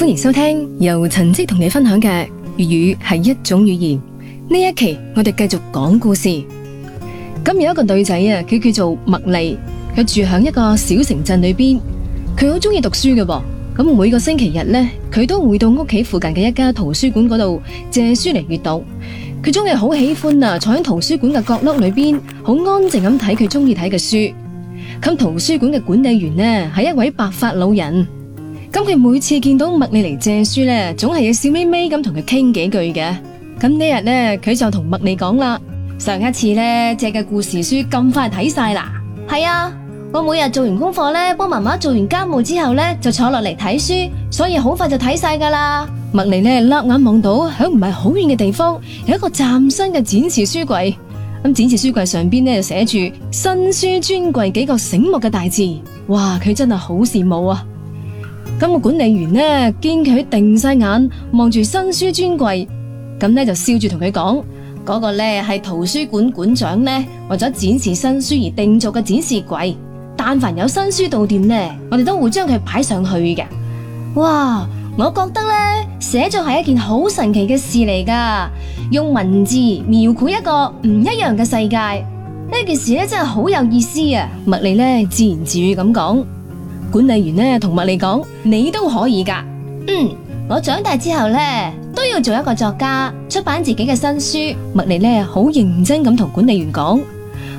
歡迎收聽由陳織同你分享嘅粵語係一種語言。呢一期我哋繼續講故事。咁有一個女仔啊，佢叫做麥莉，佢住喺一個小城鎮裏邊。佢好中意讀書嘅噃。咁每個星期日咧，佢都會到屋企附近嘅一家圖書館嗰度借書嚟閱讀。佢中意好喜歡坐喺圖書館嘅角落裏邊，好安靜咁睇佢中意睇嘅書。咁圖書館嘅管理員咧，係一位白髮老人。咁佢每次見到麥莉嚟借書呢，總係要笑眯眯咁同佢傾幾句嘅。咁呢日呢，佢就同麥莉講啦：上一次呢，借嘅故事書咁快睇晒啦。係啊，我每日做完功課呢，幫媽媽做完家務之後呢，就坐落嚟睇書，所以好快就睇晒㗎啦。麥莉呢，一眼望到喺唔係好遠嘅地方有一個嶄新嘅展示書櫃。咁展示書櫃上邊呢，就寫住新書專櫃幾個醒目嘅大字。哇，佢真係好羨慕啊！咁個管理員呢，見佢定晒眼望住新書專櫃，咁呢就笑住同佢講：嗰、那個呢係圖書館館長呢，為咗展示新書而定做嘅展示櫃。但凡有新書到店呢，我哋都會將佢擺上去嘅。哇，我覺得咧寫作係一件好神奇嘅事嚟噶，用文字描繪一個唔一樣嘅世界，呢件事呢真係好有意思啊！麥莉呢自言自語咁講。管理員呢，同麥莉講，你都可以㗎。嗯，我長大之後呢，都要做一個作家，出版自己嘅新書。麥莉呢，好認真咁同管理員講。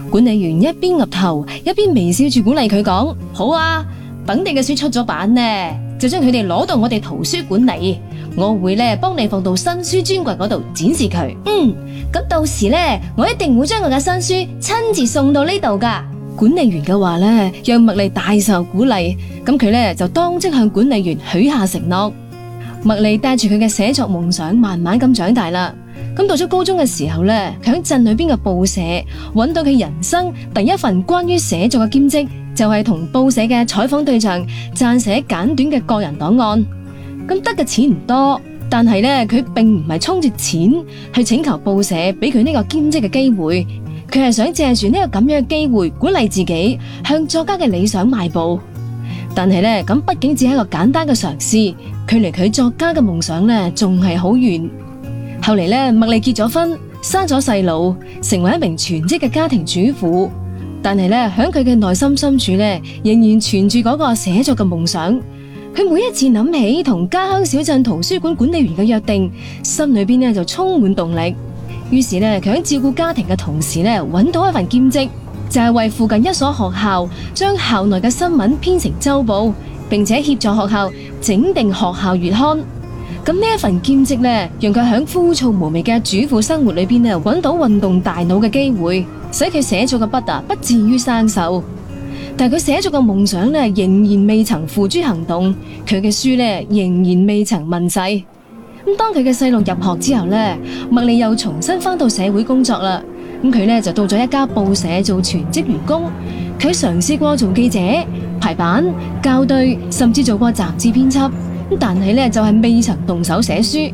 管理員一邊岌頭，一邊微笑住鼓勵佢講，好啊，本地嘅書出咗版呢，就將佢哋攞到我哋圖書館嚟，我會呢幫你放到新書專櫃嗰度展示佢。嗯，咁到時呢，我一定會將我嘅新書親自送到呢度㗎管理員嘅話咧，讓麥莉大受鼓勵。咁佢咧就當即向管理員許下承諾。麥莉帶住佢嘅寫作夢想，慢慢咁長大啦。咁到咗高中嘅時候咧，佢喺鎮裏邊嘅報社搵到佢人生第一份關於寫作嘅兼職，就係同報社嘅採訪對象撰寫簡短嘅個人檔案。咁得嘅錢唔多，但係咧佢並唔係衝住錢去請求報社俾佢呢個兼職的機會。佢係想借住呢個噉樣嘅機會，鼓勵自己，向作家嘅理想邁步。但係咧，咁畢竟只係一個簡單嘅嘗試，距離佢作家嘅夢想呢還仲係好遠。後來咧，麥莉結咗婚，生咗細佬，成為一名全職嘅家庭主婦。但係呢，響佢嘅內心深處呢，仍然存住嗰個寫作嘅夢想。佢每一次諗起同家鄉小鎮圖書館管理員嘅約定，心裏邊呢就充滿動力。於是咧，佢喺照顧家庭的同時揾到一份兼職，就是為附近一所學校將校內嘅新聞編成周報，並且協助學校整定學校月刊。呢份兼職呢讓佢喺枯燥無味的主婦生活裏面揾到運動大腦的機會，使佢寫作嘅筆達不至於生鏽。但係佢寫作嘅夢想呢仍然未曾付諸行動，佢嘅書呢仍然未曾問世。當佢嘅細路入學之後呢，麥莉又重新返到社會工作啦。咁佢呢就到咗一家報社做全職員工。佢嘗試過做記者、排版、校對，甚至做過雜誌編輯。但係呢就係、是、未曾動手寫書。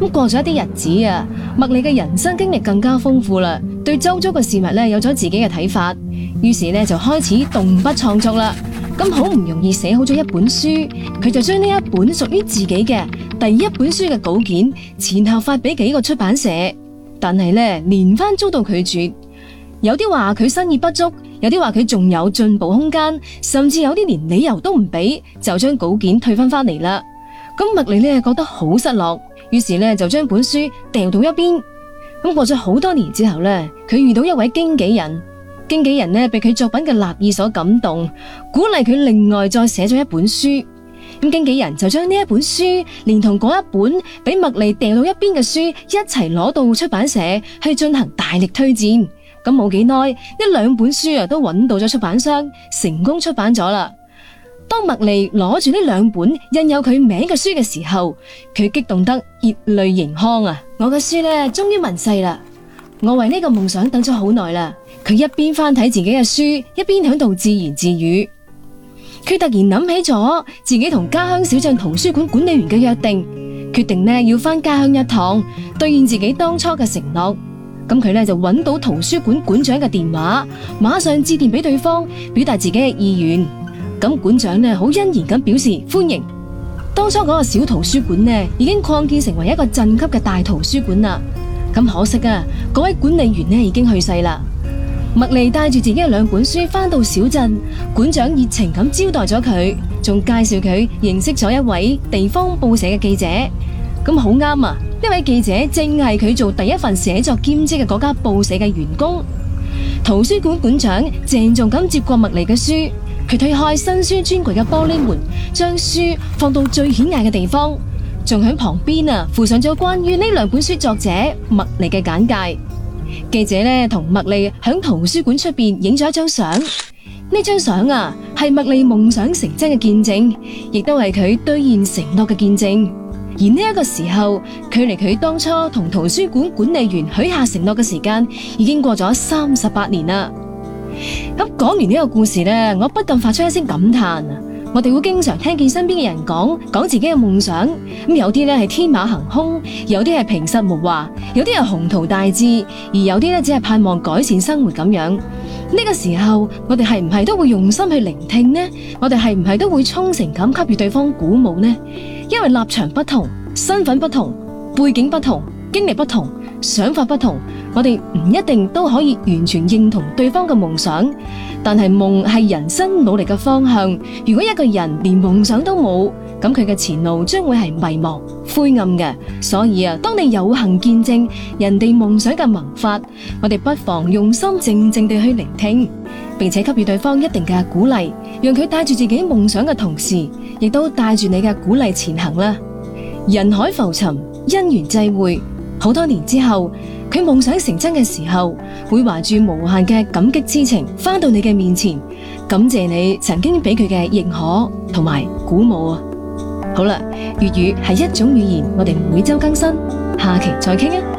咁過咗一啲日子啊，麥莉嘅人生經歷更加豐富啦，對周遭嘅事物呢有咗自己嘅睇法。於是呢就開始動筆創作啦。咁好唔容易寫好咗一本書，佢就將呢一本屬於自己嘅第一本書嘅稿件前後發俾幾個出版社，但係呢連番遭到拒絕，有啲話佢生意不足，有啲話佢仲有進步空間，甚至有啲連理由都唔俾，就將稿件退返返嚟啦。咁麥莉呢覺得好失落，於是呢就將本書丟到一邊。咁過咗好多年之後呢，佢遇到一位經紀人。經紀人被佢作品嘅立意所感動，鼓勵佢另外再寫咗一本書。經紀人就將呢一本書連同嗰一本被麥莉掉到一邊嘅書一齊攞到出版社去進行大力推薦。咁冇幾耐，呢兩本書都揾到咗出版商，成功出版咗啦。當麥莉攞住呢兩本印有佢名嘅書嘅時候，佢激動得熱淚盈眶！我嘅書終於問世啦！我為呢個夢想等咗好耐啦！佢一邊翻睇自己嘅書，一邊喺度自言自語。佢突然諗起咗自己同家鄉小鎮圖書館管理員嘅約定，決定呢要翻家鄉一趟，兌現自己當初嘅承諾。咁佢呢就搵到圖書館館長嘅電話，馬上致電俾對方，表達自己嘅意願。咁館長呢好欣然咁表示歡迎。當初嗰個小圖書館呢，已經擴建成為一個鎮級嘅大圖書館啦。可惜啊！嗰位管理員呢已經去世啦。麥莉帶住自己嘅兩本書返到小鎮，館長熱情咁招待咗佢，仲介紹佢認識咗一位地方報社嘅記者。咁好啱啊！呢位記者正係佢做第一份寫作兼職嘅嗰家報社嘅員工。圖書館館，館長鄭重咁接過麥莉嘅書，佢推開新書專櫃嘅玻璃門，將書放到最顯眼嘅地方。仲喺旁邊啊，附上咗關於呢兩本書作者麥利嘅簡介。記者咧同麥利響圖書館出邊影咗一張相，呢張相啊係麥利夢想成真嘅見證，亦都係佢兌現承諾嘅見證。而呢個時候，距離佢當初同圖書館管理員許下承諾嘅時間，已經過咗三十八年啦。咁講完呢個故事咧，我不禁發出一聲感嘆。我哋會經常聽見身邊嘅人講講自己嘅夢想，有啲咧係天馬行空，有啲係平實無華，有啲係宏圖大志，而有啲只係盼望改善生活咁樣。呢、這個時候，我哋係唔係都會用心去聆聽呢？我哋係唔係都會衷誠噉給予對方鼓舞呢？因為立場不同、身份不同、背景不同、經歷不同、想法不同，我哋唔一定都可以完全認同對方嘅夢想。但係夢係人生努力嘅方向，如果一個人連夢想都冇，咁佢嘅前路將會係迷茫灰暗嘅。所以啊，當你有幸見證人哋夢想嘅萌發，我哋不妨用心靜靜地去聆聽，並且給予對方一定嘅鼓勵，讓佢帶住自己夢想嘅同時，亦都帶住你嘅鼓勵前行啦。人海浮沉，因緣際會，好多年之後。喺夢想成真嘅時候，會懷住無限嘅感激之情，翻到你嘅面前，感謝你曾經俾佢嘅認可同埋鼓舞啊！好啦，粵語係一種語言，我哋每周更新，下期再傾啊！